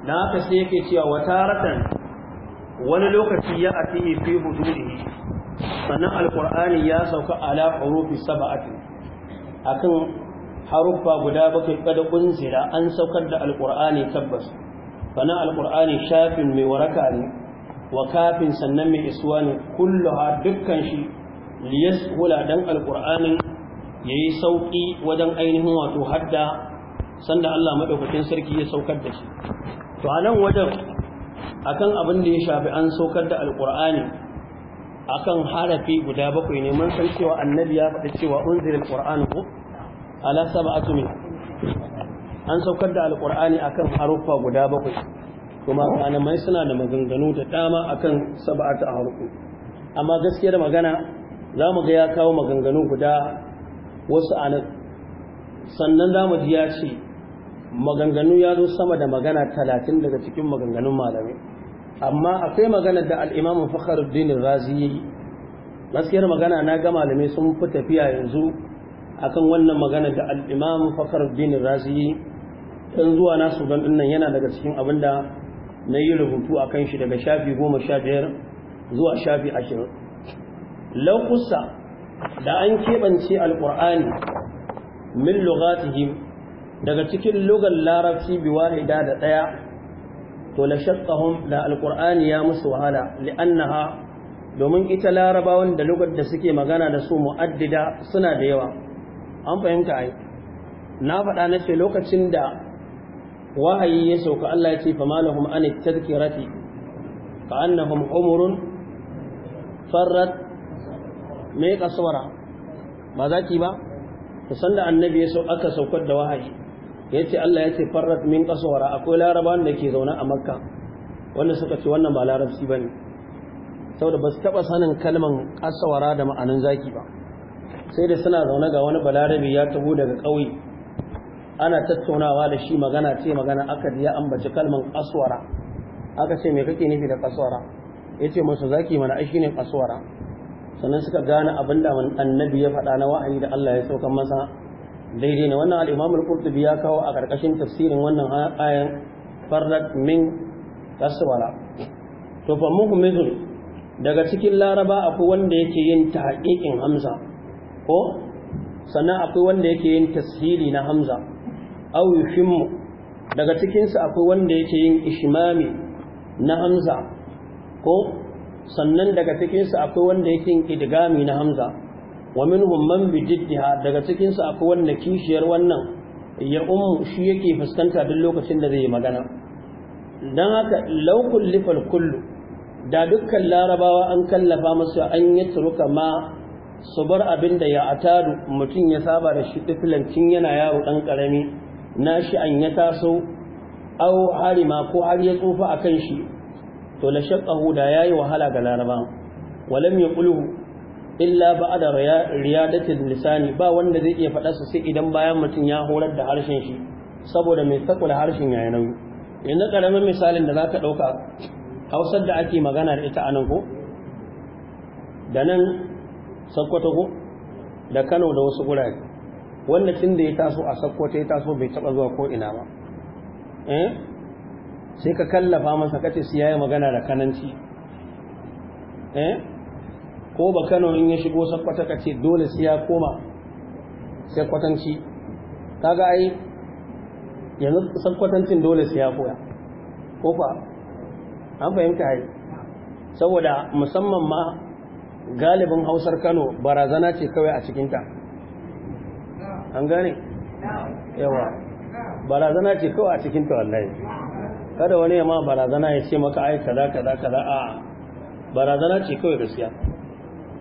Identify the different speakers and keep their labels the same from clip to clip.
Speaker 1: Na haka sai yake cewa ratan wani lokaci ya fiye fi hudurihi sannan alkur'ani ya sauka ala hurufi A kan haruffa guda bakwai kada kunzira an saukar da alkur'ani tabbas sannan alkur'ani shafin mai waraka ne wa kafin sannan mai isuwa ne kulluha dukkan shi liyas hula dan ya yi sauki wajen ainihin wato hadda sanda Allah madaukakin sarki ya saukar da shi to a nan wajen akan abin da ya shafi an saukar da alqur'ani akan harafi guda bakwai ne mun san cewa annabi ya faɗi cewa unzila alqur'anu ala sab'ati min an saukar da alqur'ani akan harufa guda bakwai kuma malamai suna da maganganu da dama akan sab'ati harufu amma gaskiyar magana za mu ga ya kawo maganganu guda wasu anan sannan za mu ji ya ce maganganu ya zo sama da magana talatin daga cikin maganganun malamai amma akwai maganar da al'imamun fakhruddin razi yi gaskiyar magana na ga malamai sun fi tafiya yanzu akan wannan magana da al'imamun fakhruddin razi yi ɗan zuwa nasu don ɗinnan yana daga cikin abin da na yi rubutu a kan shi daga shafi goma sha biyar zuwa shafi ashirin laukusa da an keɓance alƙur'ani min lugatihim daga cikin lugar larabci bi wahida da daya to la shaqqahum la alqur'ani ya musu wahala li'annaha domin ita larabawan da lugar da suke magana da su mu'addida suna da yawa an fahimta ai na faɗa na ce lokacin da wahayi ya sauka Allah ya ce fa malahum an tadhkirati ka annahum umurun farrat me kaswara ba za ki ba to sanda annabi ya sauka aka saukar da wahayi Ya ce Allah ya ce farrat min kasuwara akwai laraba da ke zaune a makka wanda suka ce wannan ba larabci bane saboda ba su taba sanin kalman kasuwara da ma'anin zaki ba sai da suna zaune ga wani balarabe ya tabu daga ƙauye ana tattaunawa da shi magana ce magana aka ya ambaci kalman kasuwara aka ce me kake nufi da ya ce masu zaki mana ai shine kasuwara sannan suka gane abin da annabi ya faɗa na wa'ayi da Allah ya sauka masa daidai ne wannan al-imam ya kawo a ƙarƙashin tafsirin wannan ayan farrak min taswara to fa muhmizun daga cikin laraba akwai wanda yake yin tahaƙiƙin hamza ko sannan akwai wanda yake yin tasiri na hamza aw yushimmu daga cikinsu akwai wanda yake yin Ishimami na hamza ko sannan daga cikinsu akwai wanda yake yin idgami na hamza wa minhum man bi jiddiha daga cikin su akwai wanda kishiyar wannan ya ummu shi yake fuskanta duk lokacin da zai yi magana dan haka law kullifal kullu da dukkan larabawa an kallafa musu an yi turuka ma su bar abin da ya atadu mutum ya saba da shi tufilancin yana yaro dan karami na shi an ya taso aw harima ko har ya tsufa akan shi to la shaqahu da yayi wahala ga laraba walam yaqulu illa ba da riyadatul lisani ba wanda zai iya faɗa su sai idan bayan mutum ya horar da harshen shi saboda mai sakula harshen yayi nauyi yanzu karamin misalin da zaka dauka Hausar da ake magana da ita anan ko da nan Sokoto ko da Kano da wasu gurare wanda tun da ya taso a Sokoto ya taso bai taba zuwa ko ina ba eh sai ka kallafa masa kace su yayi magana da kananci eh ko ba kano in ya shigo sakwata ka ce dole sai ya koma sai kwatanci kaga ai yanzu sakwatancin dole sai ya koya ko fa an fahimta ai saboda musamman ma galibin hausar kano barazana ce kawai a cikinta an gane yawa barazana ce kawai a cikinta wallahi kada wani ya ma barazana ya ce maka ai kaza kaza kaza a barazana ce kawai gaskiya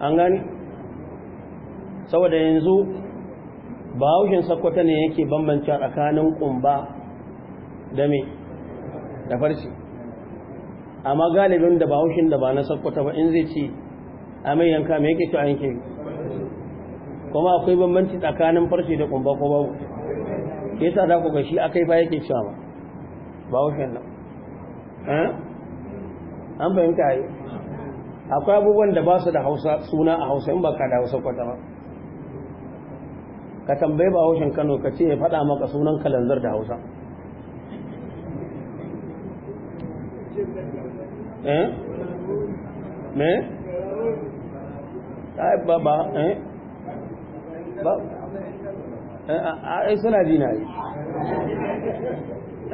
Speaker 1: an gani saboda yanzu bahaushin sakwata ne yake bambanta tsakanin kumba da me da farce, amma galibin da bahaushin da ba na sakwata ba in zai ci a mai yanka mai yake ci an yanke kuma akwai bambanci tsakanin farce da kumba ko babu ke sa za ku gashi akai ba yake cewa ba bahaushin nan eh? an fahimta yi akwai abubuwan da ba su da hausa suna a hausa in ba ka da hausa kwata ba ka tambaye ba haushin kano ka ce ya faɗa maka sunan kalanzar da hausa
Speaker 2: eh me ai ba ba eh ba
Speaker 1: eh, ai suna jina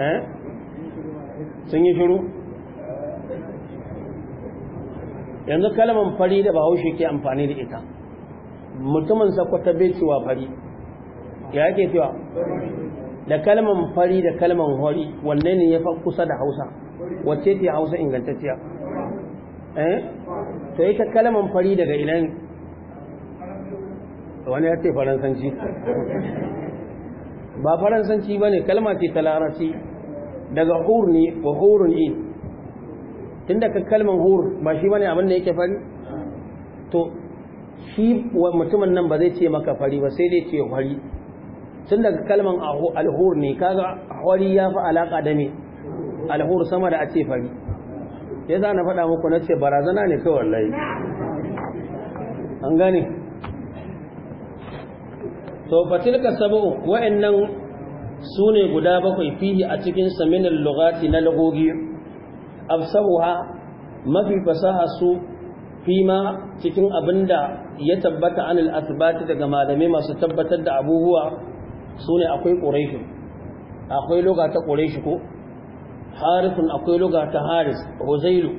Speaker 1: eh sun yi shiru yanzu kalaman fari da bahaushe ke amfani da ita mutumin sakwata bai cewa fari ya yake cewa da kalaman fari da kalaman hori wanne ne ya fa kusa da hausa wacce ce hausa ingantacciya
Speaker 2: eh to ita
Speaker 1: kalaman fari daga ina ne wani ya ce faransanci ba faransanci ba ne kalma ce ta larabci daga hurni wa hurun in Tun daga kalmar hur ba shi bane abin da yake fari to shi mutumin nan ba zai ce maka fari ba sai dai ce fari tun daga kalmar alhur ne kaga hori ya fi alaƙa da ne alhur sama da a ce fari ya za na faɗa muku na ce barazana ne kawai wallahi an gane to fatilka wa'in wa'annan su ne guda bakwai fihi a cikin saminin lugati na lagogi afsahuha mafi fasaha su fima cikin abinda ya tabbata anil asbati daga malamai masu tabbatar da abubuwa sune akwai quraish akwai lugata ta quraish ko harithun akwai lugata ta haris huzailu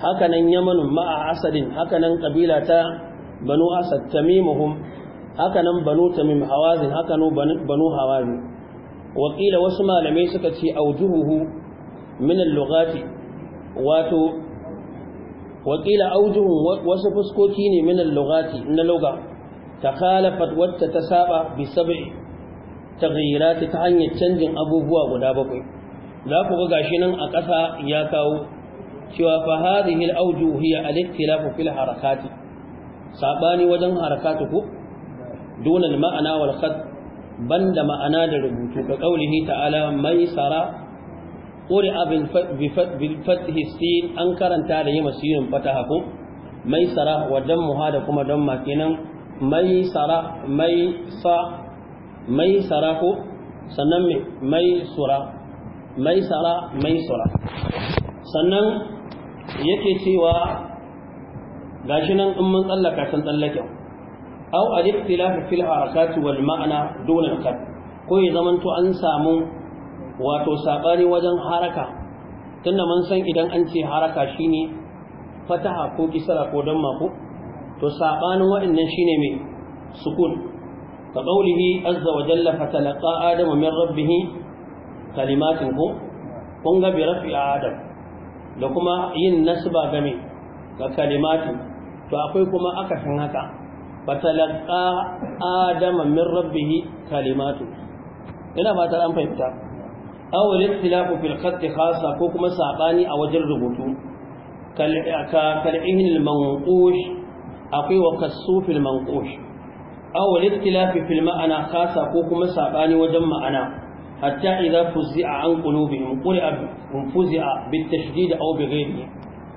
Speaker 1: hakanan yamanun ma'a asadin hakanan kabila ta banu asad tamimuhum hakanan banu tamim hawazin hakanan banu hawazin wakila wasu malamai suka ce aujuhuhu min al-lughati wato wakila aujuhun wasu fuskoki ne minan lugati na luga ta khalafat wacce ta saba bi sab'i taghyirati ta hanyar canjin abubuwa guda bakwai za ku ga gashi nan a ƙasa ya kawo cewa fa hadhihi al-awjuh hiya al-ikhtilaf fi al sabani wajen harakatu ku? al ma'ana wal khat banda ma'ana da rubutu ka qaulihi ta'ala maisara ƙuri abin bilfadhi an karanta da yi masirin fataha ko mai tsara wa don muha da kuma don makinan mai tsara mai sa mai tsara ko sannan mai tsura mai tsara mai tsura sannan yake cewa gashi nan in mun tsallaka san tsallake au al-ikhtilaf fil harakat wal ma'ana dun al-qad ko ya zamanto an samu wato saɓani wajen haraka tunda mun san idan an ce haraka shine fataha ko kisra ko damma ko to sabanin waɗannan shine mai sukun ka qaulihi azza wa jalla fatalaqa adamu min rabbih kalimatin ko kun ga bi rafi adam da kuma yin nasba ga me ga kalimatin to akwai kuma aka san haka fatalaqa adamu min rabbih kalimatin ina fatar an fahimta aw al-ikhtilafu fil khatt khassa ko kuma sabani a wajen rubutu kal kal'ihin al-manqush akwai wa kasuf al-manqush aw al-ikhtilafi fil ma'ana khassa ko kuma sabani wajen ma'ana hatta idza fuzi'a an qulubihim qul'a fuzi'a bit tashdid aw bi ghayri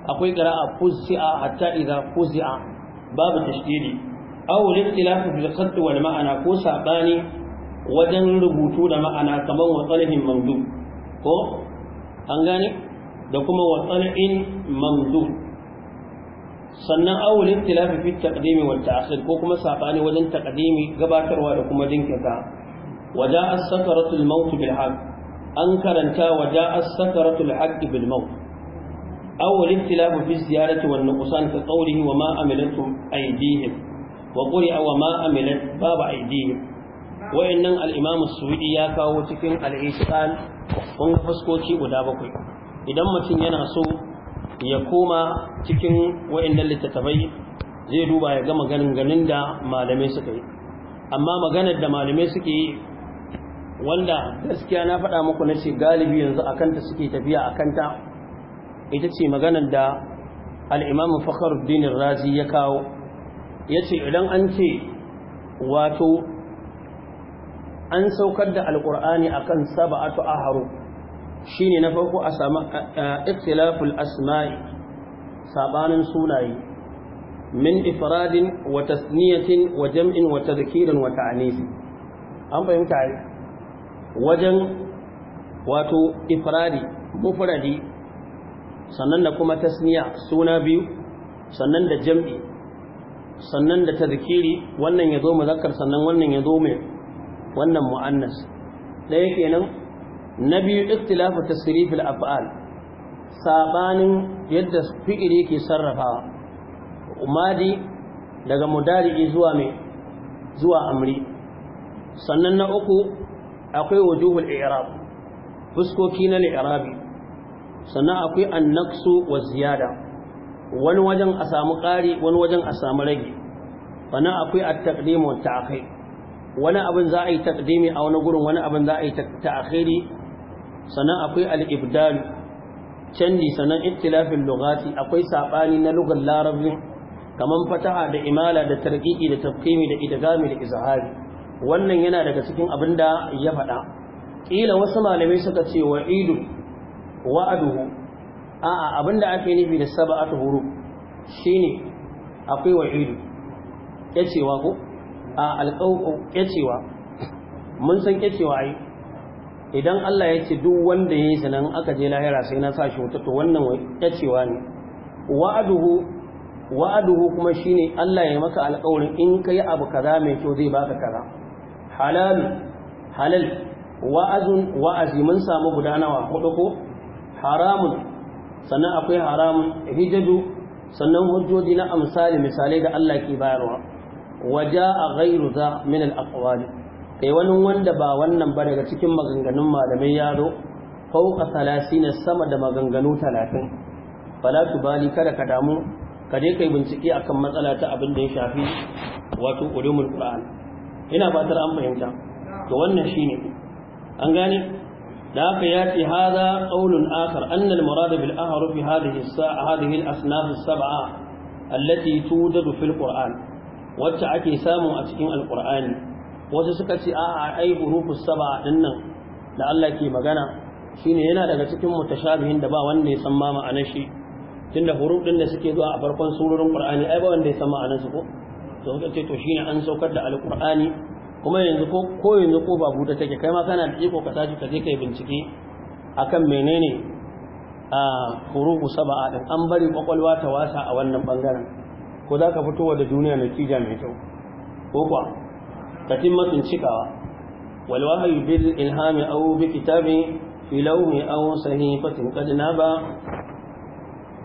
Speaker 1: akwai qira'a fuzi'a hatta idza fuzi'a babu tashdidi aw al-ikhtilafu fil khatt wal ma'ana ko sabani wajen rubutu da ma'ana kamar watsalihin mamdu ko an gane da kuma watsalin mamdu sannan awul ikhtilafi fi taqdimi wal ta'khir ko kuma sabani wajen taqdimi gabatarwa da kuma jinkirta waja as-sakaratu al-maut bil haqq an karanta waja as-sakaratu al-haqq bil maut awul ikhtilafi fi ziyarati wan nuqsan ka qawlihi wa ma amilatum aydihim wa quri aw ma amilat baba aydihim wayannan al-Imam Suudi ya kawo cikin al-Ihsan kun fuskoki guda bakwai idan mutum yana so ya koma cikin wayannan littattafai zai duba ya ga ganin da malamai suka yi amma maganar da malamai suke yi wanda gaskiya na faɗa muku na ce galibi yanzu akan ta suke tafiya akan ta ita ce maganar da al-Imam Fakhruddin Razi ya kawo yace idan an ce wato an saukar da alkur'ani akan haru. Shi ne na farko a samu ikhtilaful asma'i sabanin sunaye min ifradin wa tasniyatin wa jam'in wa tazkirin wa ta'anisi an fahimta ai wajen wato ifradi mufradi sannan da kuma tasniya suna biyu sannan da jam'i sannan da tazkiri, wannan yazo muzakkar sannan wannan yazo mai wannan mu'annas ɗaya kenan na biyu ikhtilafu al af'al sabanin yadda fi'il ke sarrafawa umadi daga mudari zuwa mai zuwa amri sannan na uku akwai wujuhul i'rab fuskoki na i'rabi sannan akwai annaksu wa ziyada wani wajen a samu ƙari wani wajen a samu rage wannan akwai at-taqdim wa ta'khir wani abin za a yi takdimi a wani gurin wani abin za a yi ta'khiri sannan akwai al-ibdal canji sannan ittilafin lughati akwai sabani na lugar larabin kaman fataha da imala da tarqiqi da tafkimi da idgami da izhari wannan yana daga cikin abin da ya faɗa kila wasu malamai suka ce wa'idu wa'aduhu a'a abin da ake nufi da sab'atu huruf shine akwai wa'idu yace wa ko a alƙawƙo ƙyacewa mun san ƙyacewa ai idan Allah ya ce duk wanda ya yi sanan aka je lahira sai na sa shi wuta to wannan ƙyacewa ne wa'aduhu wa'aduhu kuma shine Allah ya maka alƙawarin in ka yi abu kaza mai kyau zai baka kaza halal halal wa'azun wa'azi mun samu guda nawa hudu ko haramun sannan akwai haramun hijaju sannan hujjoji na amsali misalai da Allah ke bayarwa a gairu za min al kai wani wanda ba wannan ba daga cikin maganganun malamai yaro fauka na sama da maganganu talatin fala bali kada ka damu ka je kai bincike akan matsala ta abin da ya shafi wato ulumul qur'an ina fatar an fahimta to wannan shine an gane da haka ya ce qaulun akhar anna al murad bil ahruf hadhihi as-sa'a hadhihi al asnaf as-sab'a allati wacce ake samu a cikin alkur'ani wasu suka ce a ai hurufus saba dinnan da Allah ke magana shine yana daga cikin mutashabihin da ba wanda ya san ma ma'anar shi tunda huruf din da suke zuwa a farkon surorin qur'ani ai ba wanda ya san ma'anar su ko to suka ce to shine an saukar da alkur'ani kuma yanzu ko ko yanzu ko ba buɗe take kai ma kana da iko ka tashi ka je kai bincike akan menene a ah, hurufu saba'a din an bari kwakwalwa ta wasa a wannan bangaren ko za ka fitowa da duniya natija mai kyau ko kuwa ka matsin cikawa walwahayu bil ilhami au bi kitabin fi lawmi aw sahifatin qad naba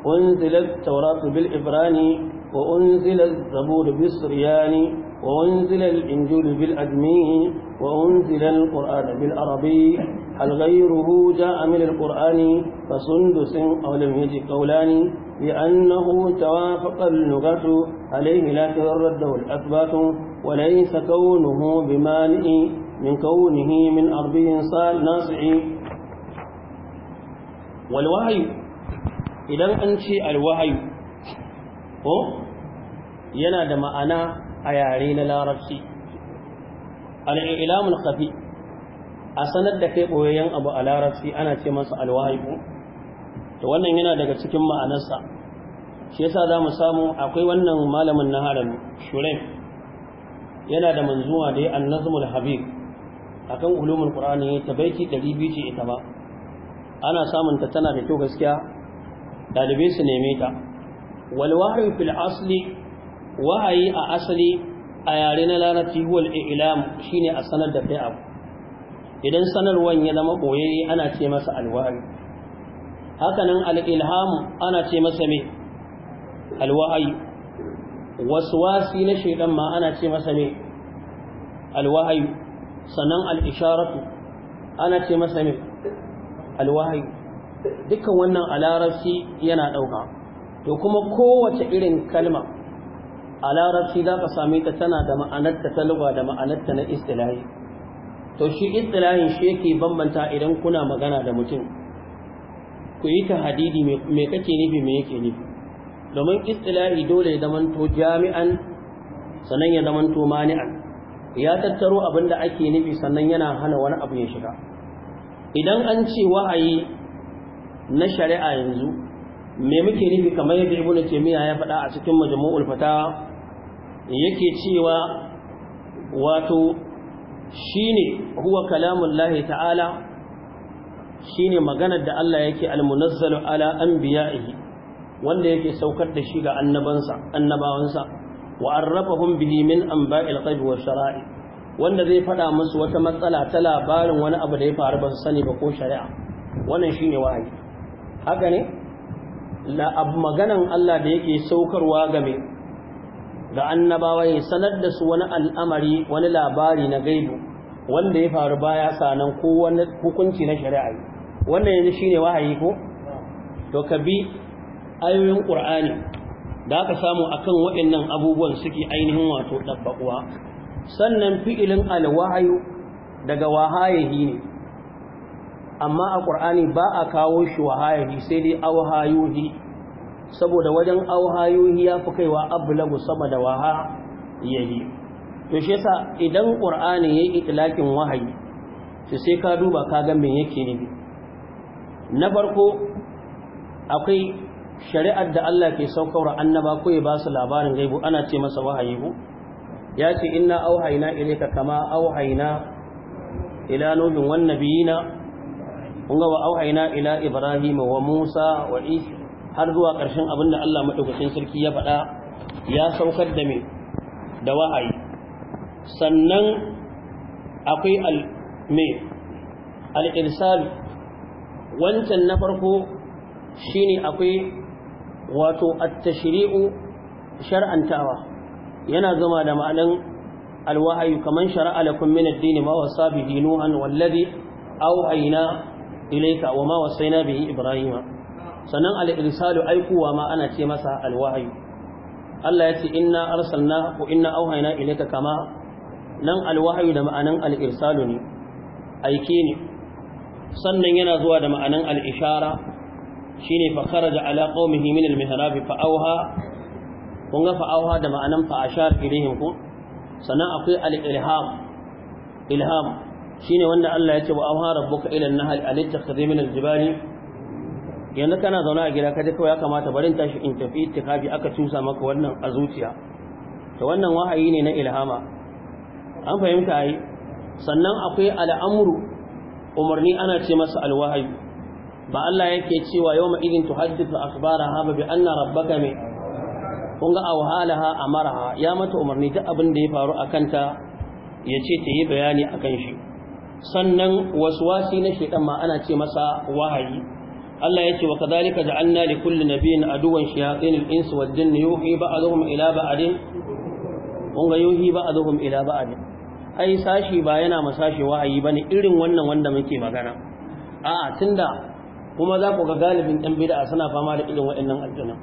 Speaker 1: unzilat tawratu bil ibrani wa unzilat zabur bis riyani wa unzilal injilu bil ajmi wa unzilal qur'an bil arabi hal ghayruhu ja'a min al qur'ani fa sundusin aw lam yaji qawlani لأنه توافق اللغة عليه لا ترد الأثبات وليس كونه بمانع من كونه من أرضه ناصع والوحي إذا أنت الوحي هو yana da ma'ana a yare na larabci al'ilamun khafi a sanar da kai ɓoyayyen abu a larabci ana ce masa alwahiku to wannan yana daga cikin ma'anarsa shi yasa za mu samu akwai wannan malamin na haram shuraim yana da manzuwa da ya nazmul habib akan ulumul qur'ani ta baiti 200 ce ita ba ana samun ta tana da kyau gaskiya dalibai su neme ta wal fil asli wahayi a asali a yare na larabci wal ilam shine a sanar da kai abu idan sanarwan ya zama boye ana ce masa alwahi hakanan al'ilhamu ana ce masa mai Wasu wasi na shaidan ma ana ce masa mai alwahayi sannan al'isharatu ana ce masa mai alwahayi dukkan wannan a yana ɗauka to kuma kowace irin kalma a za ka same ta tana da ma'anarta ta lugha da ma'anarta na istilahi to shi istilahin shi yake bambanta idan kuna magana da mutum ku yi ta hadidi me kake nufi me yake nufi domin istilahi dole ya zamanto jami'an sannan ya zamanto mani'an ya tattaro abin da ake nufi sannan yana hana wani abu ya shiga idan an ce wahayi na shari'a yanzu me muke nufi kamar yadda ibnu taymiya ya faɗa a cikin majmu'ul fatawa yake cewa wato shine huwa kalamullahi ta'ala shine maganar da Allah yake almunazzalu ala anbiya'ihi wanda yake saukar da shi ga annabansa annabawansa wa arrafahum bihi min anba'il ghaib wa shara'i wanda zai fada musu wata matsala ta labarin wani abu da ya faru ba su sani ba ko shari'a wannan shine wahayi haka ne la abu maganan Allah da yake saukarwa ga me ga annabawa ya sanar da su wani al'amari wani labari na gaibu wanda ya faru baya sanan ko wani hukunci na shari'a wannan yanzu shine wahayi ko to ka bi ayoyin ƙur'ani da aka samu akan waɗannan abubuwan suke ainihin wato dabbakuwa sannan fi'ilin alwahayu daga wahayihi ne amma a ƙur'ani ba a kawo shi wahayihi sai dai awhayuhi saboda wajen awhayuhi yafi kaiwa ablagu sama da waha yayi to shi yasa idan qur'ani yayi itlakin wahayi to sai ka duba ka ga me yake nufi na farko akwai shari'ar da Allah ke saukar annaba ko ya ba su labarin gaibu ana ce masa wahayi ko ya ce inna auhayna ilayka kama auhayna ila nuhin wan nabiyina kun ga wa auhayna ila ibrahim wa musa wa isa har zuwa ƙarshen abin da Allah madaukakin sarki ya faɗa ya saukar da me da wahayi sannan akwai al me al-irsal wancan na farko shine akwai wato at-tashri'u shar'antawa yana zama da ma'anan alwahayu kaman shar'a lakum min ad-din ma wasa bi dinuhan wallazi awhayna ilayka wa ma wasayna bi ibrahima sannan al-irsalu aikuwa ma ana ce masa alwahayu Allah ya ce inna arsalna ko inna auhayna ilayka kama nan alwahayu da ma'anan al-irsalu ne aike ne sannan yana zuwa da ma'anan al'ishara, shi ne fa da ala qaumihi min al-mihrab fa auha kun ga fa'auha da ma'anan fa ashar ilayhim ku sannan akwai al'ilham ilham ilham shine wanda Allah ya ce wa auha rabbuka ila an-nahl alittakhidhi min al yanzu kana zaune a gida kaje kawai ya kamata barin tashi in tafi ittikafi aka cusa maka wannan a zuciya to wannan wahayi ne na ilhama an fahimta yi sannan akwai al'amuru umarni ana ce masa alwahayu ba Allah yake cewa yawma idin tuhaddithu ha bi anna rabbaka mai kun ga awhalaha maraha, ya mata umarni duk abin da ya faru akan ta ya ce ta yi bayani akan shi sannan waswasi na shedan ma ana ce masa wahayi Allah ya ce wa kadhalika ja'alna li kulli nabiyyin aduwan shayatin al-ins wad-jinn yuhi ba'dhum ila ba'din kun ga yuhi ba'dhum ila ba'din ai sashi ba yana ma sashi wa'ayi bane irin wannan wanda muke magana a'a tunda kuma za ku ga galibin ɗan bid'a suna fama da irin waɗannan aljuna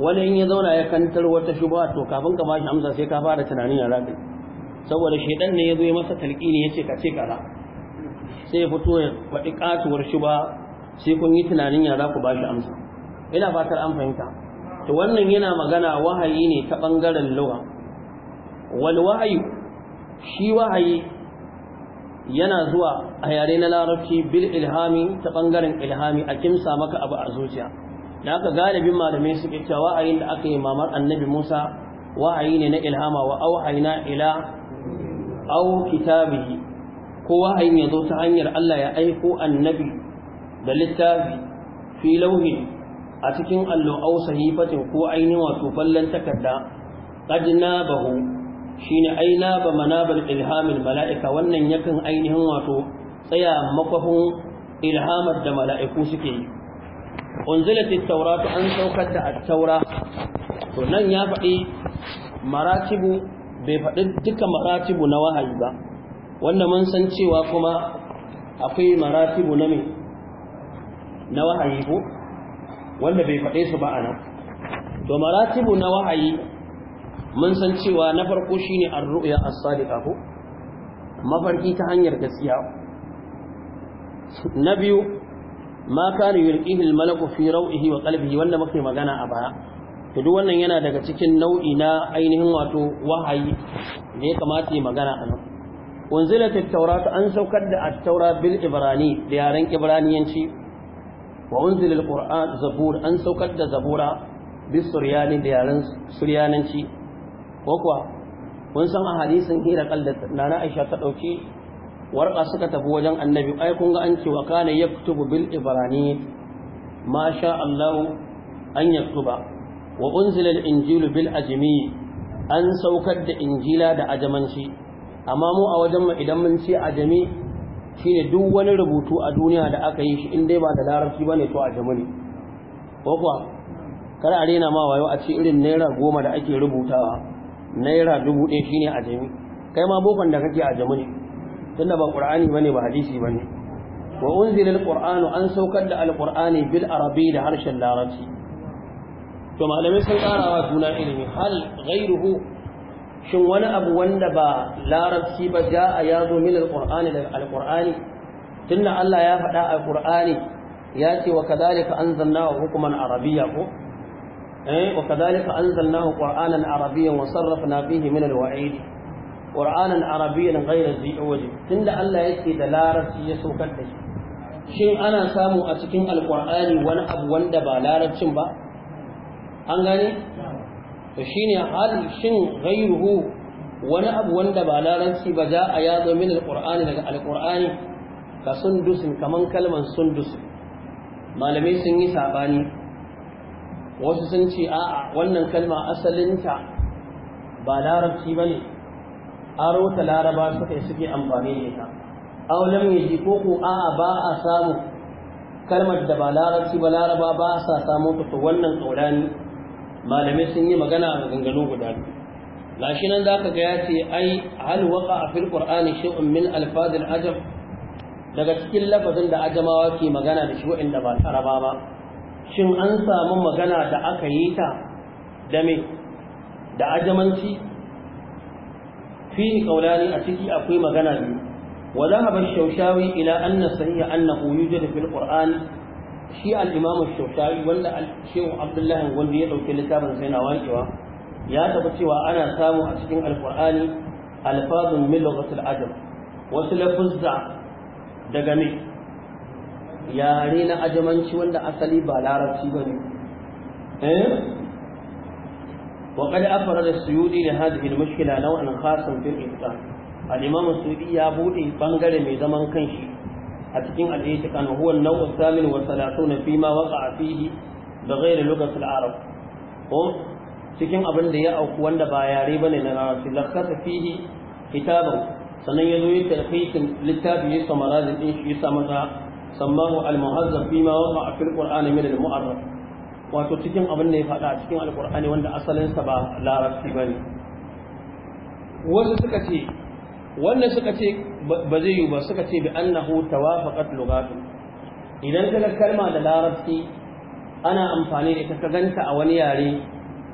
Speaker 1: wani in ya zauna ya kantar wata shubha to kafin ka bashi amsa sai ka fara tunanin ya rabe saboda shedan ne ya zo ya masa talqini yace ka ce kaza sai ya fito ya faɗi katuwar shubha sai kun yi tunanin ya za ku bashi amsa ina fatar an fahimta to wannan yana magana wahayi ne ta bangaren lugha wal wahyu shi wahayi yana zuwa a yare na larabci bil ilhami ta bangaren ilhami a kimsa maka abu a zuciya da aka galibin malamai suke cewa wa'ayin da aka yi mamar annabi Musa wa'ayi ne na ilhama wa auhayna ila au kitabihi ko wa'ayin ya zo ta hanyar Allah ya aiko annabi da littafi fi a cikin allo au sahifatin ko ainihin wato ballan takarda qad nabahu Shi ne aina ba manabal ilhamin mala'ika wannan yakan ainihin wato tsaya makwafin ilhamar da mala'iku suke yi ƙunzilatin taura tauratu an saukar da a taura to nan ya faɗi maratibu bai faɗi duka maratibu na wahayi ba wanda mun san cewa kuma akwai maratibu na mai na wahayi ko wanda bai faɗe su ba a nan. to maratibu na wahayi mun san cewa na farko shine ar-ru'ya as-sadiqa ko mafarki ta hanyar gaskiya na biyu ma kana yulqihi al-malaku fi raw'ihi wa qalbihi wanda muke magana a baya to duk wannan yana daga cikin nau'i na ainihin wato wahayi da ya kamata magana a nan unzilat at-taurat an saukar da at-taura bil ibrani da yaran ibraniyanci wa unzil al-qur'an zabur an saukar da zabura bis suryani da yaran suryananci ko kuwa kun san a hadisin hira kalda nana aisha ta dauki warqa suka tafi wajen annabi ai kun ga an ce wa kana yaktubu bil ibrani ma sha Allah an yaktuba wa unzila al injilu bil ajmi an saukar da injila da ajamanci amma mu a wajen mu idan mun ce ajami shine duk wani rubutu a duniya da aka yi shi in dai ba da larabci bane to ajami ne ko kuwa kar a rena ma wayo a ce irin naira goma da ake rubutawa naira dubu ɗaya ne a jami kai ma bokon da kake a jami ne tunda ba qur'ani bane ba hadisi bane wa unzila alqur'anu an saukar da alqur'ani bil arabi da harshen larabci to malamai sun wa juna ilimi hal ghairuhu shin wani abu wanda ba larabci ba ja a ya zo min alƙur'ani daga alƙur'ani tunda Allah ya faɗa alƙur'ani ya ce wa an anzalna wa hukuman arabiyya ko eh wa kadhalika anzalnahu qur'anan arabiyyan wa sarrafna fihi min al-wa'id qur'anan arabiyyan ghayra dhi'waj tunda Allah yake da larabci ya saukar shi shin ana samu a cikin alqur'ani wani abu wanda ba larabcin ba an gane to shine hal shin ghayruhu wani abu wanda ba larabci ba za a yazo min alqur'ani daga alqur'ani ka sundusin kaman kalman sundus malamai sun yi saɓani. wasu sun ce a'a wannan kalma asalinta ba larabci ba ne aro ta laraba suka suke amfani da ita aulam ya ji koko a'a ba a samu kalmar da ba larabci ba laraba ba a sa samu ta wannan kaurani malamai sun yi magana a gangano guda shi nan za ga ya ce ai hal a fil qur'ani shay'un min alfazil ajam daga cikin lafazin da ajamawa ke magana da shi wa'inda ba taraba ba shin an samu magana da aka yi ta da me da ajamanci fi kaulani a ciki akwai magana biyu wa zahaba ash-shawshawi ila anna sahiha annahu yujadu fil qur'an shi al-imam ash-shawshawi wanda al-shaykh abdullah wanda ya dauke littafin sai na wankewa ya taba cewa ana samu a cikin al-qur'ani alfazun min lughatil ajam wasu lafuzza daga ne yare na ajamanci wanda asali ba larabci ba ne وقد أفرد السيودي لهذه المشكلة نوعا خاصا في الإتقان الإمام السيودي يابودي بانغر من زمن كنشي أتكين الإتقان هو النوع الثامن والثلاثون فيما وقع فيه بغير لغة العرب Ko cikin abin da ya auku wanda ba yare ne na larabci lakasa fihi kitaban sannan ya zo yi littafi ya da sammahu al-muhazzab fima waqa fil qur'ani min al-mu'arraf wato cikin abin da ya faɗa a cikin alkur'ani wanda asalinsa ba larabci ba ne wasu suka ce wannan suka ce ba zai yi ba suka ce bi annahu tawafaqat lughatu idan kaga kalma da larabci ana amfani da ita ka ganta a wani yare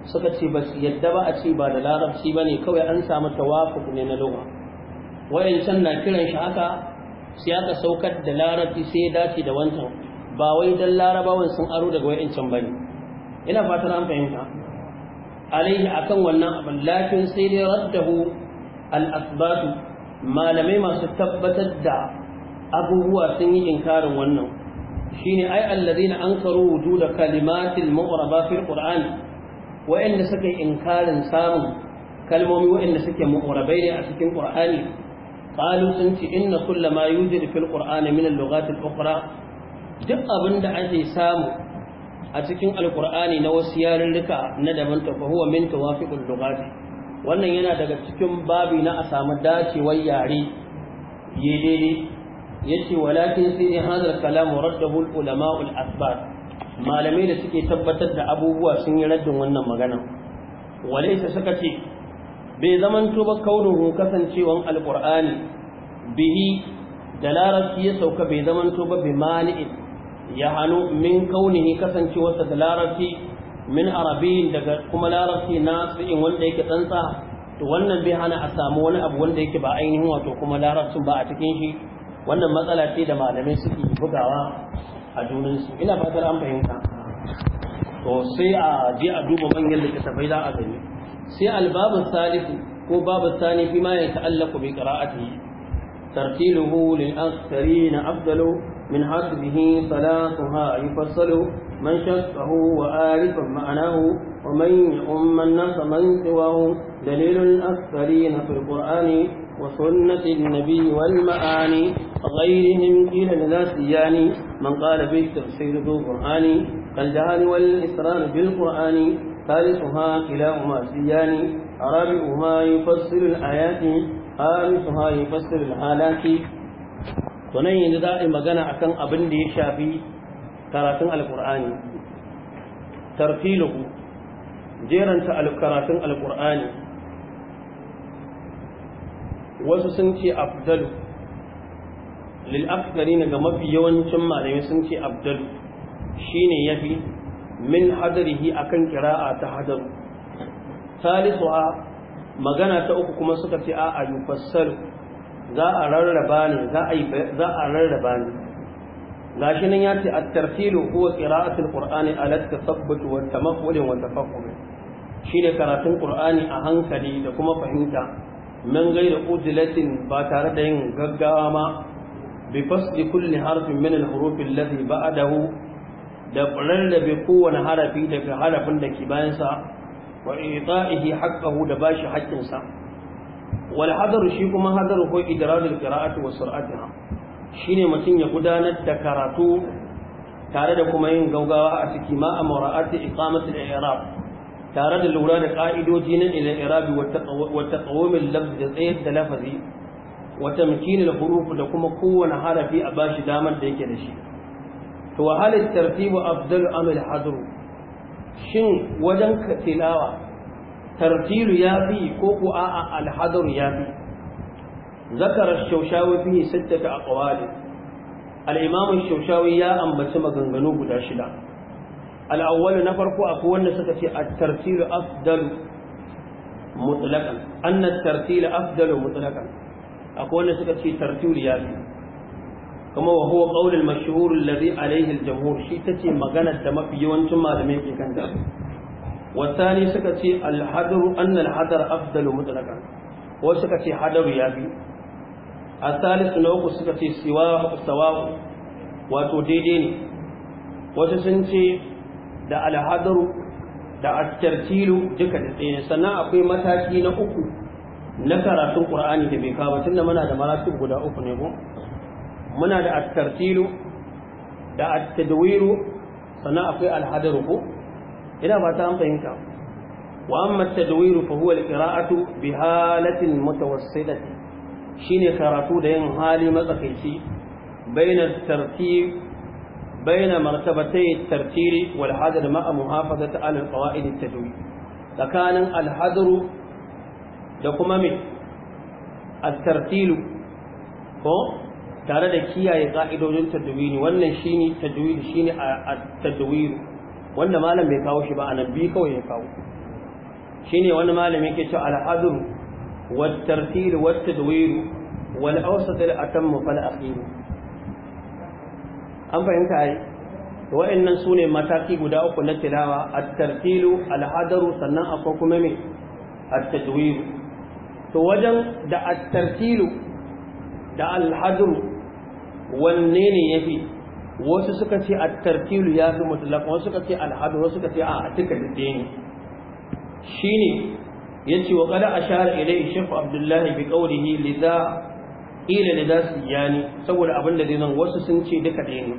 Speaker 1: suka ce ba su yadda ba a ce ba da larabci ba ne kawai an samu tawafuq ne na lugha can na kiran shi haka sai aka saukar da larabci sai ya dace da wancan ba wai dan larabawan sun aro daga wayancan bane ina fatan an fahimta alaihi akan wannan abin lakin sai dai raddahu al-asbatu malamai masu tabbatar da abubuwa sun yi inkarin wannan shine ai alladhina ankaru wujuda kalimatil mu'raba fil qur'an wa'anda suka yi inkarin samun kalmomi wa'anda suke mu'rabai ne a cikin qur'ani qalu sun ce inna kulla ma yujadu fil qur'ani min al duk abin da ake samu a cikin alkur'ani na wasu yarurruka na daban ta huwa min tawafiqul lughat wannan yana daga cikin babi na a samu dacewar yare yi daidai yace walakin sai in hadal kalam raddahu ulama al-asbat malamai da suke tabbatar da abubuwa sun yi raddin wannan magana walaysa suka ce bai zamanto ba kaunuhu kasancewan Alƙur'ani. bihi da larabci ya sauka bai zamanto ba bi mani'in ya hannu min kaunihi kasancewarsa da larabci min arabiyin daga kuma larabci na in wanda yake tsantsa to wannan bai hana a samu wani abu wanda yake ba ainihin wato kuma larabcin ba a cikin shi wannan matsala ce da malamai suke bugawa a junansu ina fatar an fahimta to sai a je a duba manyan littattafai za a gani sai albabin salihu ko babu sani fi ma ya ta'allaku bi qira'atihi tartiluhu lil aktharin afdalu min hasbihi salatuha yufassalu man shaqahu wa arifan ma'anahu wa man yumma an-nas man siwahu dalilul aktharin fil qur'ani wa sunnati an-nabi wal ma'ani غيرهم قيل لذاتيان من قال به تفسير ذو القرآن كالجهل والإسرار بالقرآن ثالثها كلاهما سيان رابعهما يفسر الآيات خامسها يفسر الحالات to nan yanzu za a yi magana a kan abin da ya shafi karatun alkur'ani tartiluhu jeranta karatun alkur'ani wasu sun ce abdalu lil'afgari ga mafi yawancin malami sun ce abdalu shine ya fi. min hadarihi akan kira'a ta hadaru salisuha magana ta uku kuma suka ce a a yufassalu za a rarraba ne za a a rarraba ne gashi nan ya ce a tartilu huwa qira'atul qur'ani ala tasabbut wa tamakkul wa at shine karatun qur'ani a hankali da kuma fahimta min ghairi ujlatin ba tare da yin gaggawa ma bi fasli kulli harfin min al-huruf allati ba'dahu da rarrabe kowane harafi daga harafin da ke bayansa wa ita'ihi haqqahu da bashi sa, wal hadaru shi kuma hadaru ko idradul qira'ati wa sur'atiha shine mutum ya gudanar da karatu tare da kuma yin gaugawa a ciki ma amra'ati iqamatul i'rab tare da lura da ka'idoji na i'rab wa taqawumil lafz da tsayar da lafazi wa tamkinil huruf da kuma kowane harafi a bashi damar da yake da shi to wahalar tartibu abdul amil hadru shin wajen tilawa tartilu ya fi ko ku a'a alhadur ya fi zakara shaushawi fi sittata aqwali al-imam shaushawi ya ambaci maganganu guda shida al-awwal na farko akwai wanda suka ce at-tartilu afdalu mutlaqan anna at-tartilu afdalu mutlaqan akwai wanda suka ce tartilu ya fi kuma wa huwa qaulul mashhur alladhi alayhi al-jumhur shi tace magana da mafi yawancin malamai ke kanta wasani suka ce al-hadru anna al-hadar afdalu mutlaqan wa suka ce hadaru ya bi asalis na uku suka ce siwa sawa wato daidai ne wasu sun ce da al-hadaru da at-tartilu duka da tsaye sannan akwai mataki na uku na karatun qur'ani da bai kawo tunda muna da maratu guda uku ne ko muna da attartilu da at-tadwiru sannan akwai al ina ba ta an fahimta wa amma at-tadwiru fa huwa al-qira'atu bi halatin mutawassilati shine karatu da yin hali matsakaici baina at-tartib baina martabatay at-tartili wal hadar ma'a muhafazati ala al-qawaid at-tadwir tsakanin al da kuma me at-tartilu ko tare da kiyaye ƙa'idojin tadwini wannan shine shi shine a tadwini wanda malam bai kawo shi ba anan bi kawai ya kawo shine wani malami yake cewa al-hadr wat tartil wat tadwir wal awsat al-atam fal akhir an fahimta ai wa'annan sune mataki guda uku na tilawa at-tartil al-hadr sannan akwai kuma me at-tadwir to wajen da at-tartil da al-hadr wanne ne ya fi wasu suka ce a tartilu ya fi mutulak wasu suka ce alhadu wasu suka ce a duka ɗaya ne shi ne ya ce wa kada a shahara ilai shafi abdullahi bi ƙaurihi liza ila liza siyani saboda abin da zai wasu sun ce duka ɗaya ne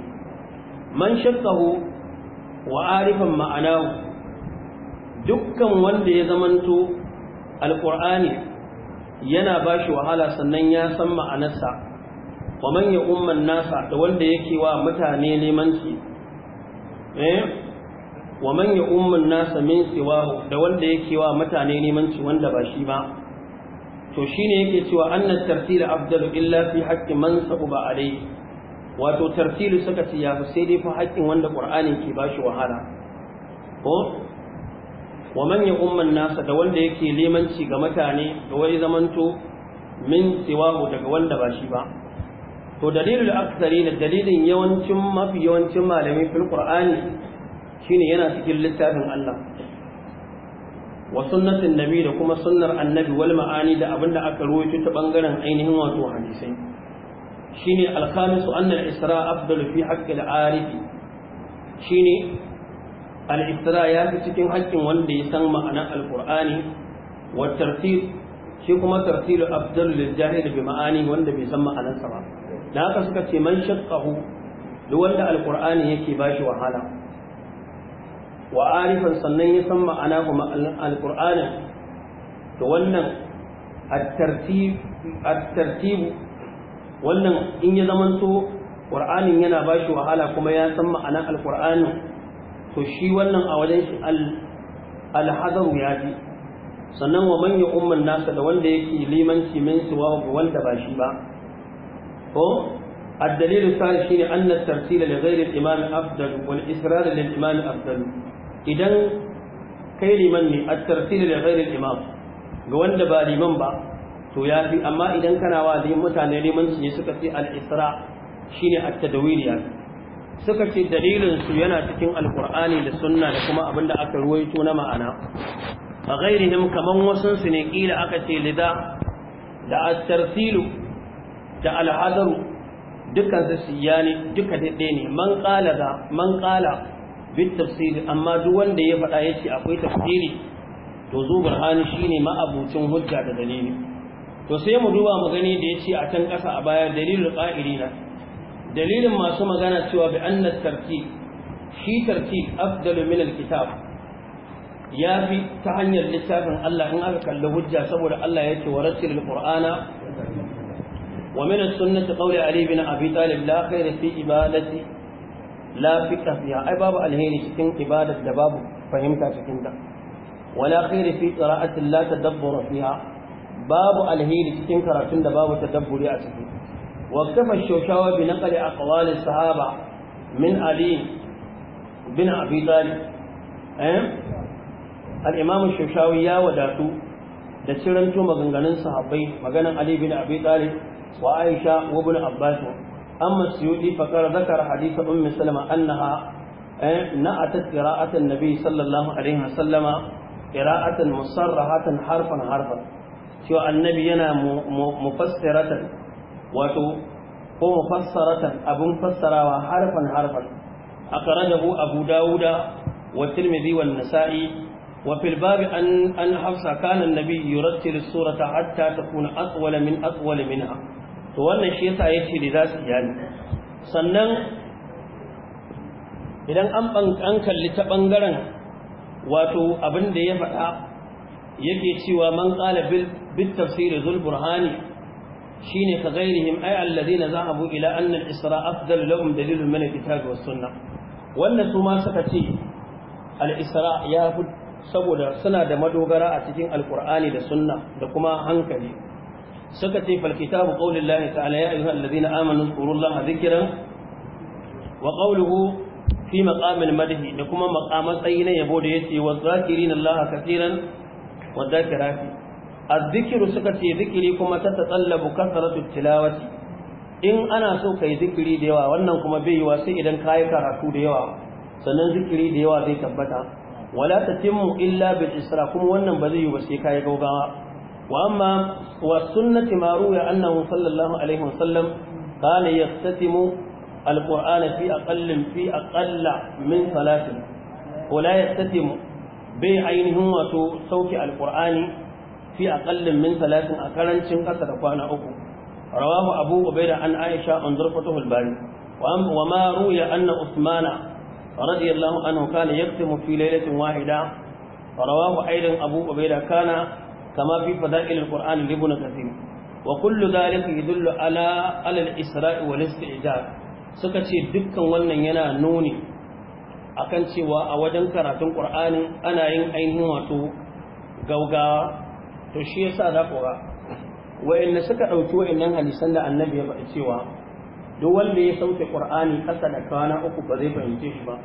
Speaker 1: man shakkahu wa arifan ma'anahu dukkan wanda ya zamanto alƙur'ani yana ba shi wahala sannan ya san ma'anarsa wa man ya umman nasa da wanda yake wa mutane nemanci eh wa man ya umman nasa min siwahu da wanda yake wa mutane limanci wanda ba shi ba to shine yake cewa annat tartil afdalu illa fi haqqi man sabba alayhi wato tartilu suka ya yafi sai dai fa haƙƙin wanda qur'ani ke ba shi wahala ko wa man ya umman nasa da wanda yake nemanci ga mutane da wai zamanto min siwahu daga wanda ba shi ba to dalilul aksari da dalilin yawancin mafi yawancin malami fil qur'ani shine yana cikin littafin Allah wa sunnatin nabi da kuma sunnar annabi wal ma'ani da abinda aka rawaito ta bangaren ainihin wato hadisai shine al-khamis anna al-isra afdalu fi haqqi al-arif shine al-isra ya fi cikin haƙƙin wanda ya san ma'anar al-qur'ani wa tartil shi kuma tartilu afdalu lil jahil bi ma'ani wanda bai san ma'anarsa ba da aka suka ce man shaqqahu duk wanda alqur'ani yake bashi wahala wa arifan sannan ya san ma'ana kuma alqur'anin to wannan at-tartib at-tartib wannan in ya zamanto qur'anin yana bashi wahala kuma ya san ma'ana alqur'anin to shi wannan a wajen shi al-hadaru ya fi sannan wa man ya umman nasa da wanda yake limanci min suwa wanda ba shi ba ko الدليل الثالث شيء أن التمثيل لغير الإمام أفضل والإسرار للإمام أفضل Idan kai liman ne a tartili da gairin imam ga wanda ba liman ba to ya fi amma idan kana wa zai mutane limanci ne suka ce al'isra shi ne attadawiriya suka ce dalilinsu yana cikin alkur'ani da sunna da kuma abin da aka ruwaito na ma'ana a gairihim kaman wasansu ne ƙila aka ce lida da attartilu da alhazaru dukkan su siya ne duka daidai ne man qala da man qala bit tafsiri amma duk wanda ya faɗa yace akwai tafsiri to zu burhani shine ma'abucin hujja da dalili to sai mu duba mu gani da ce a can ƙasa a baya dalilul qa'ilina dalilin masu magana cewa bi anna tartib shi tartib afdalu min alkitab ya fi ta hanyar littafin Allah in aka kalli hujja saboda Allah yake waratil qur'ana ومن السنة قول علي بن أبي طالب لا خير في إبادتي لا فكر فيها أي باب الهيري شكين إبادة دباب فهمتها شكين دا ولا خير في قراءة لا تدبر فيها باب الهيري شكين قراءة دباب تدبر أسفين وكفى الشوشاوى بنقل أقوال الصحابة من علي بن أبي طالب أه؟ الإمام الشوشاوي يا وداتو da ciranto maganganun sahabbai maganan Ali bin Abi Talib وعائشة وابن عباس أما السيوطي فقال ذكر حديث أم سلمة أنها نأتت قراءة النبي صلى الله عليه وسلم قراءة مصرحة حرفا حرفا شو النبي ينا مفسرة وتو هو مفسرة أبو مفسرة وحرفا حرفا أقرده أبو داود والترمذي والنسائي وفي الباب أن أن حفصة كان النبي يرتل السورة حتى تكون أطول من أطول منها to wannan shi yasa yace da za su yani sannan idan an an kalli ta bangaren wato abin da ya faɗa yake cewa man qala bil bit tafsir zul burhani shine ka ghairihim ay alladhina zahabu ila anna al isra afdal lahum dalilun min al kitab was wannan su ma suka ce al isra ya fi saboda suna da madogara a cikin alkur'ani da sunna da kuma hankali suka ce fal kitabu qaulillahi ta'ala ya ayyuhal ladina amanu zkurullaha dhikran wa qawluhu fi maƙamin madhi da kuma maqamat na yabo da ce wa zakirina allaha kaseeran wa zakirati azzikru suka ce zikiri kuma ta tatallabu kasratu tilawati in ana so yi zikiri da yawa wannan kuma bai yi wa idan idan yi karatu da yawa sannan zikiri da yawa zai tabbata wala illa bil isra kuma wannan ba zai yi ba sai yi gaugawa وأما والسنة ما روي أنه صلى الله عليه وسلم قال يختتم القرآن في أقل في أقل من ثلاث ولا يختتم بعينه وتوك القرآن في أقل من ثلاث أقل شنقة رفعنا أكو رواه أبو عبيدة عن عائشة انظر فتح الباري وما روي أن عثمان رضي الله عنه كان يختم في ليلة واحدة رواه أيضا أبو عبيدة كان kama fi fada'il alquran li ibn kathir wa kullu dhalika yadullu ala ala al-isra' suka ce dukkan wannan yana nuni akan cewa a wajen karatun qur'ani ana yin ainihin wato gaugawa to shi yasa za ku ga wa'anda suka ɗauki wa'annan hadisan da annabi ya faɗi cewa duk wanda ya sauke ƙur'ani kasa da kwana uku ba zai fahimce shi ba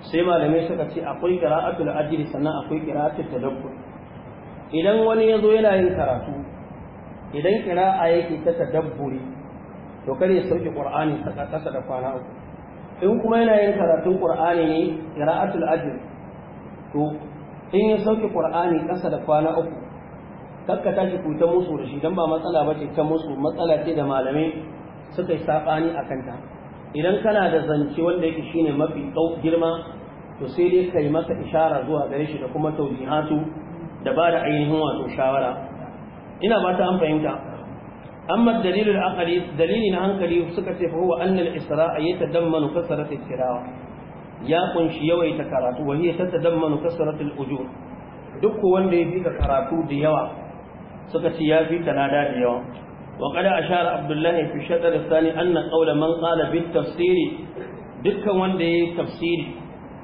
Speaker 1: sai malamai suka ce akwai qira'atul ajri sannan akwai qira'atul tadabbur idan wani ya zo yana yin karatu idan a yake ta tadabburi to kare ya sauke qur'ani ta kasa da kwana uku in kuma yana yin karatun qur'ani ne qira'atul ajr to in ya sauke qur'ani kasa da kwana uku kakka tashi ku ta musu da shi dan ba matsala bace ta musu matsala ce da malamai suka yi sabani akan ta idan kana da zance wanda yake shine mafi girma to sai dai kai masa ishara zuwa gare shi da kuma tawjihatu da ba da ainihin wato shawara ina ba ta an fahimta amma dalilul aqli dalili na hankali suka ce fa huwa anna al-isra'a yatadammanu kasrat al ya kunshi yawaita karatu wa hiya tatadammanu kasrat al-ujur duk wanda ya fita karatu da yawa suka ce ya fita nada da yawa wa qad ashara abdullah fi shadr thani anna qawla man qala bit tafsiri dukkan wanda ya tafsiri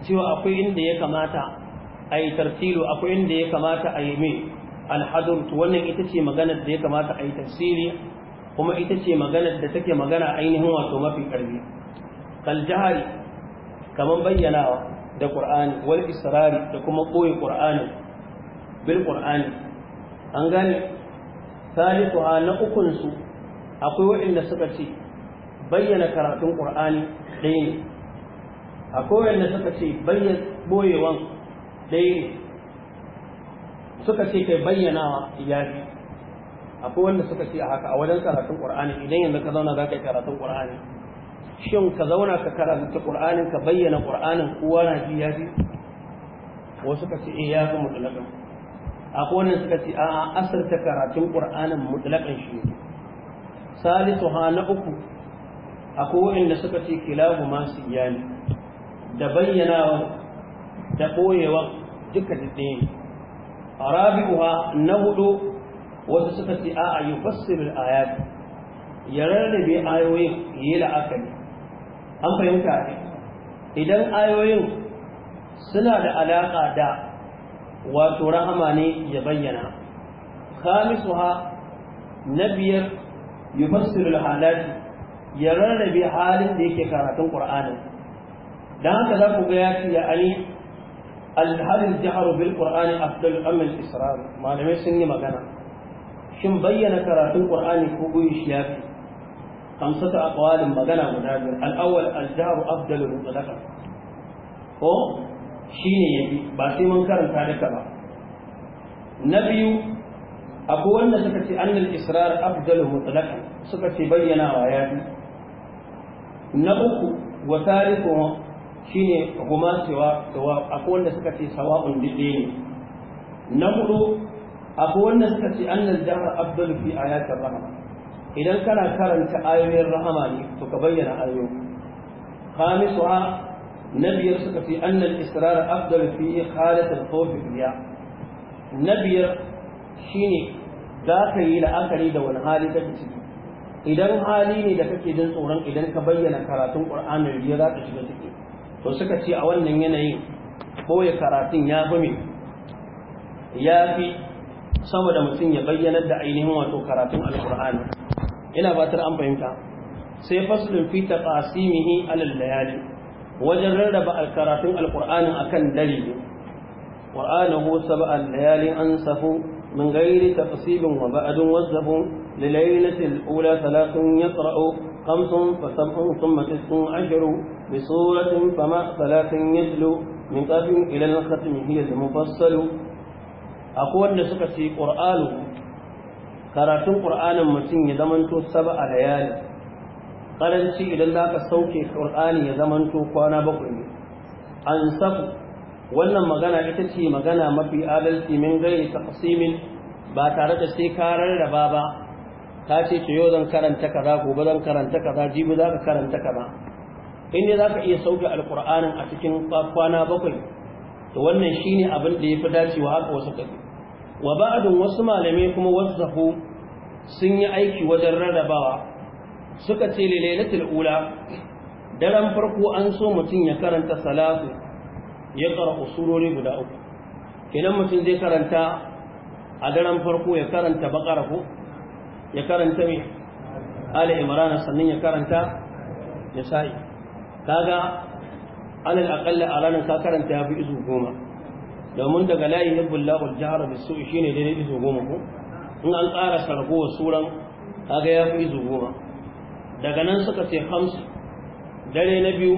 Speaker 1: cewa akwai inda ya kamata a yi tartilu akwai inda ya kamata a yi min alhadur wannan ita ce maganar da ya kamata a yi tafsiri kuma ita ce maganar da take magana ainihin wato mafi ƙarfi kal jahari kaman bayyanawa da qur'ani wal israri da kuma koyi qur'ani bil qur'ani an gane salihu na ukun su akwai waɗanda suka ce bayyana karatun qur'ani ɗaya ne akwai waɗanda suka ce bayyana boyewan dai suka ce kai wa iyali akwai wanda suka ce a haka a wajen karatun qur'ani idan yanzu ka zauna za ka yi karatun qur'ani shin ka zauna ka karanta qur'anin ka bayyana qur'anin kowa na ji ya ji wasu suka ce eh ya fi mutlaqan akwai wanda suka ce a'a ta karatun qur'anin mutlaqan shi ne salisu ha na uku akwai wanda suka ce kilahu ma siyani da bayyanawa da ɓoyewa duka ɗaya ne na hudu wasu suka ce a a yi fassirin ayat ya rarrabe ayoyin yi la'akari an fahimta idan ayoyin suna da alaƙa da wato rahama ne ya bayyana khamisuha na biyar yi fassirin halati ya rarrabe halin da yake karatun ƙur'anin dan haka za ku ga ya ce ya ali alhalin jihar bilkur'ani qur'ani afdalu israr malamai sun yi magana shin bayyana karatun qur'ani ko goyi shi yafi kamsata aqwalin magana guda biyar al awwal al jahru afdalu mutlaqa ko shine yafi ba sai mun karanta duka ba na biyu akwai wanda suka ce annal israr afdalu mutlaqa suka ce bayyanawa yafi na uku wa tarifu Shi ne kuma cewa akwai wanda suka ce sawa'un dide ne na hudu akwai wanda suka ce annal dama afdalu fi ayati rahma idan kana karanta ayoyin rahama ne to ka bayyana ha, na biyar suka ce annal israr afdalu fi ikhalat al-khawf biya shi ne za ka yi la'akari da wani hali kake ciki idan hali ne da kake jin tsoron idan ka bayyana karatun qur'anin biyar za ka shiga ciki to suka ce a wannan yanayin boye karatun ya fi ya fi saboda mutum ya bayyanar da ainihin wato karatun alkur'ani ina batar an fahimta sai faslun fi taqasimihi alal layali wajen rarraba karatun alkur'ani akan dare qur'anahu sab'al layali ansafu min ghairi taqsimin wa ba'dun wazafu li laylatil ula thalathun yaqra'u khamsun fa sab'un thumma tis'un ashru بصورة فما ثلاث يدلو من قبل إلى الختم هي المفصل أقول لسك في قرآن قرأت قرآن متين يدمنت سبع ليالي قرنشي إلى الله كسوكي قرآن يدمنت قوانا بقرني أنصف wannan magana ita ce magana mafi adalci min gairi taqsimin ba tare da sai ka rarraba ba Ta ce to yau zan karanta kaza gobe zan karanta kaza jibi za ka karanta kaza ne za ka iya sauke alkur'anin a cikin kwana bakwai to wannan shi ne abin da ya fi dacewa haka wasu ƙafi wa ba'adun wasu malamai kuma wasu sun yi aiki wajen rarrabawa suka ce na ula daren farko an so mutum ya karanta salatu ya kara usurori guda uku kenan mutum zai karanta a daren farko ya karanta bakara ko ya karanta mai ali imran sannan ya karanta nisa'i kaga alal aqalla a ranar ka karanta ya fi izu goma domin daga layi hibbul lahul jahar bis su'i shine dai izu goma ko in an ƙara sargo suran kaga ya fi izu goma daga nan suka ce hamsu dare na biyu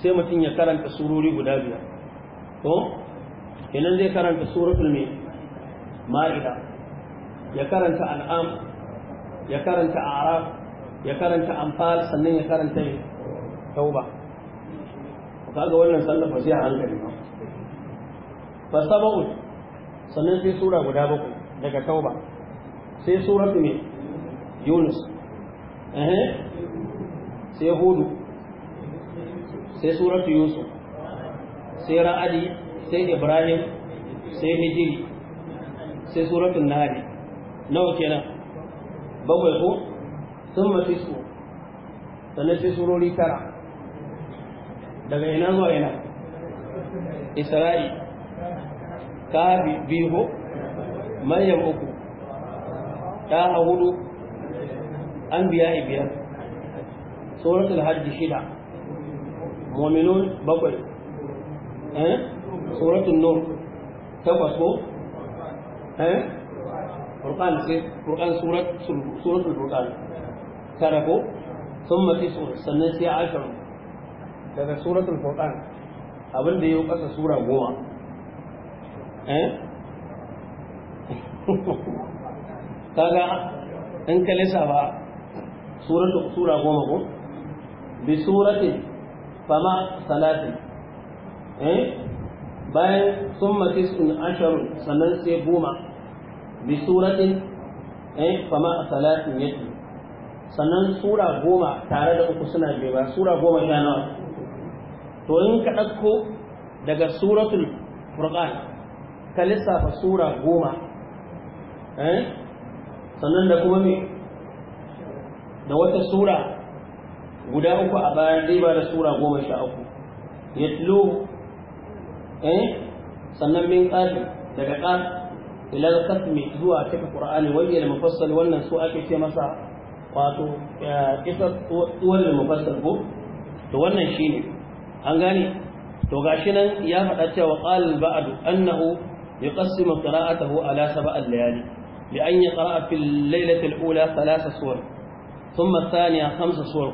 Speaker 1: sai mutum ya karanta surori guda biyar to kenan zai karanta suratul mai ma'ida ya karanta al'am ya karanta araf ya karanta amfal sannan ya karanta tauba kaga wannan sallah fa sai a hankali ba fa sab'u sannan sai sura guda bakwai daga tauba sai suratu ne yunus eh sai hudu sai suratu yusuf sai ra'adi sai ibrahim sai hijiri sai suratul nahl nawa kenan bakwai ko sun mafi su sannan sai surori tara daga ina zuwa ina isra'i ka biyu maryam uku ta hudu an biya biyar suratul hajji shida muminun bakwai eh? suratul nur takwas ko eh? furqan sai furqan surat suratul furqan tara ko thumma tis'un sannan sai ashirin daga suratul furqan abin da ya kasa sura goma eh? kaga in ka lissafa suratul sura goma ko bi suratin fama salatin eh bayan summa tis'un asharun sannan sai goma bi suratin eh fama salatin yake sannan sura goma tare da uku suna bai ba sura goma sha nawa to in ka ɗauko daga suratul furqan ka lissafa sura goma eh? sannan da kuma me da wata sura guda uku a bayan ba da sura goma sha uku yatlu eh? sannan min ƙafi daga ƙaf ila kasmi zuwa cikin qur'ani wajen mufassal wannan su ake ce masa wato eh, isa da mufassal ko to wannan shine an gane to gashi nan ya faɗa cewa qala ba'du annahu yuqassimu qira'atahu ala sab'a layali li an yaqra'a fil laylati al-ula thalatha suwar thumma ath-thaniya khamsa suwar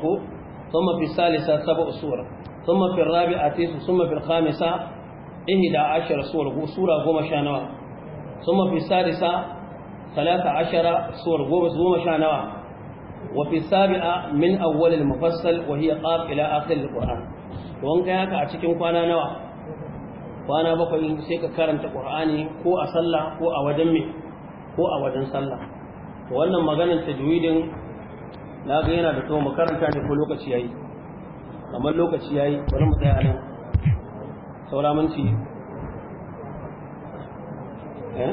Speaker 1: ثم في الثالثة سبع سور ثم في الرابعة ثم في الخامسة إهدى عشر سور سورة قوم شانوا ثم في السادسة ثلاثة عشر سور قوم شانوا وفي السابعة من أول المفصل وهي قاف إلى آخر القرآن wanka kai haka a cikin kwana nawa kwana bakwai sai ka karanta qur'ani ko a sallah ko a wajen mai ko a wajen sallah to wannan maganar tajwidin na ga yana da to mu karanta ne ko lokaci yayi kamar lokaci yayi bari mu tsaya nan saura minti eh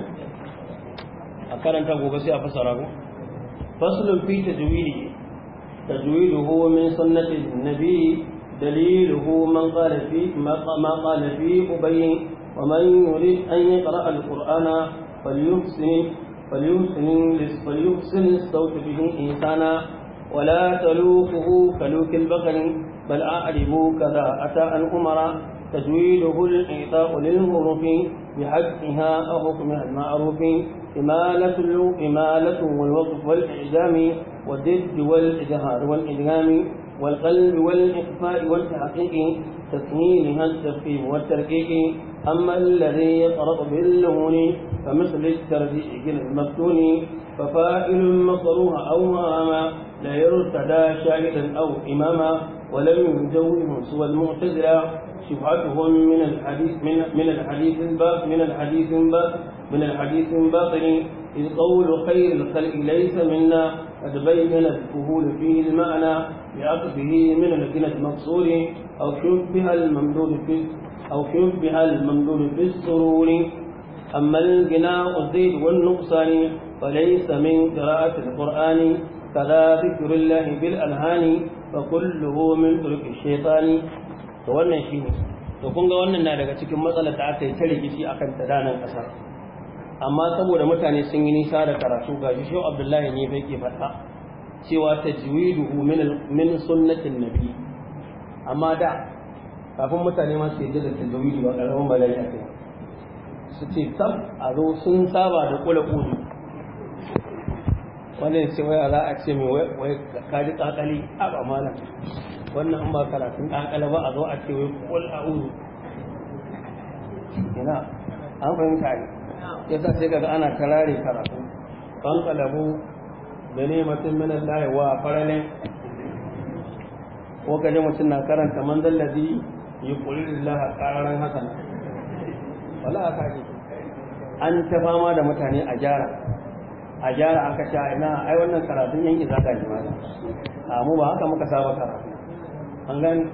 Speaker 1: a karanta gobe sai a fasara ko faslun fi ta ta tajwidu huwa min sunnati nabi دليله من قال فيه ما قال فيه أبي ومن يريد أن يقرأ القرآن فليحسن فليحسن فليحسن الصوت به إنسانا ولا تلوكه كلوك البقر بل أعرف كذا أتى عن أمر تجويده الإعطاء للمعروف بحقها أو حكمها المعروف إمالة إمالة والوقف والإعجام والضد والإجهار والإدغام والقلب والإخفاء والتحقيق تسميلها التخفيف والتركيك أما الذي يقرأ باللون فمثل الترجيع المفتون ففائل مصروها أو ماما لا يرتدى شاهدا أو إماما ولم يجوه سوى المعتزلة شفعتهم من الحديث من من الحديث الباطل من الحديث الباطل من الحديث الباطل إذ قول خير الخلق ليس منا قد بين الكهول فيه المعنى بعطفه من الكلة المقصور أو شبه الممدود في أو شبه الممدود في السرور أما الغناء الزيد والنقصان فليس من قراءة القرآن فلا ذكر الله بالألهان فكله من ترك الشيطان فوانا شيء to kun ga wannan na daga cikin matsalar da aka yi amma saboda mutane sun yi nisa da karatu ga shi abdullahi ne bai ke faɗa cewa ta tajwiduhu min sunnatin nabi amma da kafin mutane ma su yadda da tajwidi ba karamin bala'i a kai su ce tab a zo sun saba da kula kuli wannan ce wai za a ce mai wai kaji kakali a ba malam wannan ba karatun kakali ba a zo a ce wai kula a'udhu ina an fahimta ne yasa sai kaga ana karare karatu ban kalabu da nematin min Allah wa faralin ko kaje mutum na karanta manzal ladhi yuqulu lillahi qaran hasan wala aka ji an ta fama da mutane a jara a jara aka sha ina ai wannan karatun yanki zaka ji mana a mu ba haka muka saba karatu an gani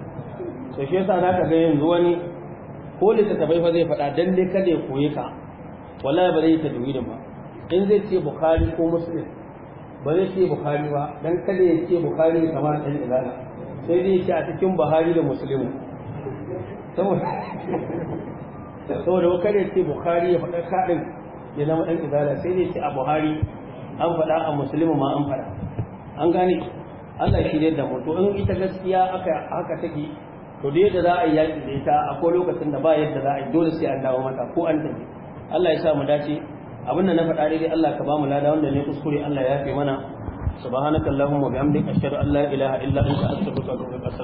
Speaker 1: to shi yasa na ga yanzu wani ko littattafai fa zai faɗa dan dai kada ya koyi ka wallahi ba zai yi tajwidin ba in zai ce bukari ko muslim ba zai ce bukari ba dan kada ya ce bukari kamar ɗan ilana sai dai ce a cikin buhari da muslim
Speaker 2: saboda
Speaker 1: ba kada ya ce bukari ya faɗa kaɗin ya zama ɗan ilana sai dai ce a buhari an faɗa a muslim ma an faɗa an gane Allah shi da mu to in ita gaskiya aka haka take to da yadda za a yi yaƙi da ita akwai lokacin da ba yadda za a yi dole sai an dawo mata ko an tafi Allah ya sa mu dace abinda na faɗa daidai Allah ka ba mu
Speaker 2: lada wanda ne kuskure Allah ya yafe mana subhanakallahumma bihamdika ashhadu an la ilaha illa anta astaghfiruka wa atubu ilaik